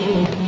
Oh,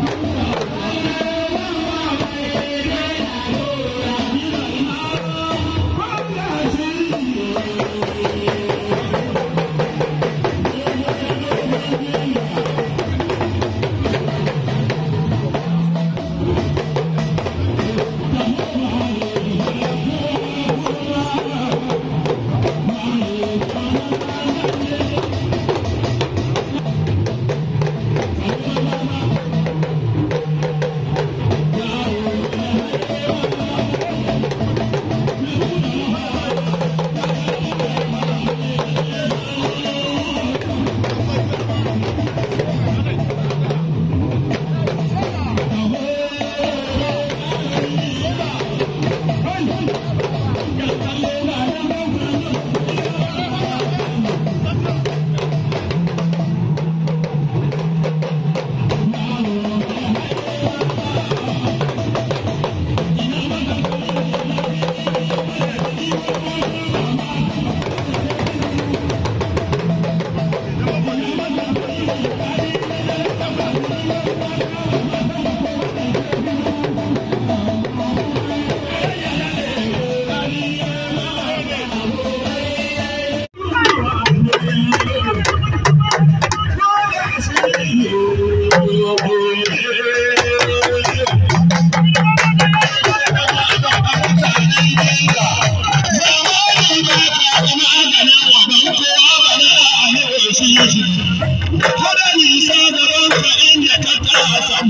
Waɗansa gabansa inda ta tasa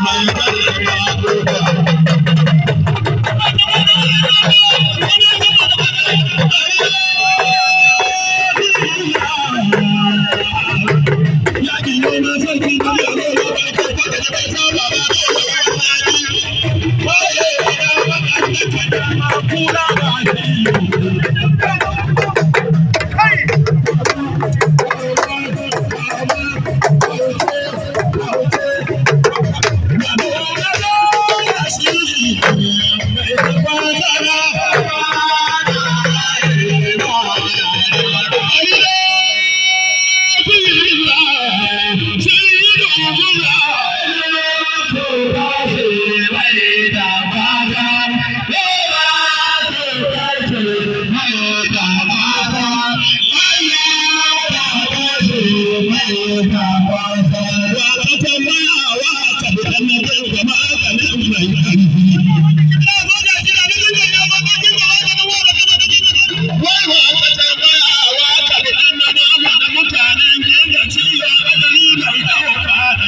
ma Bravo!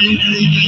Thank you.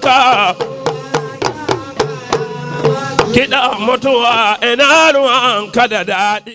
haka kiɗa mutuwa ina ruwan kada daɗi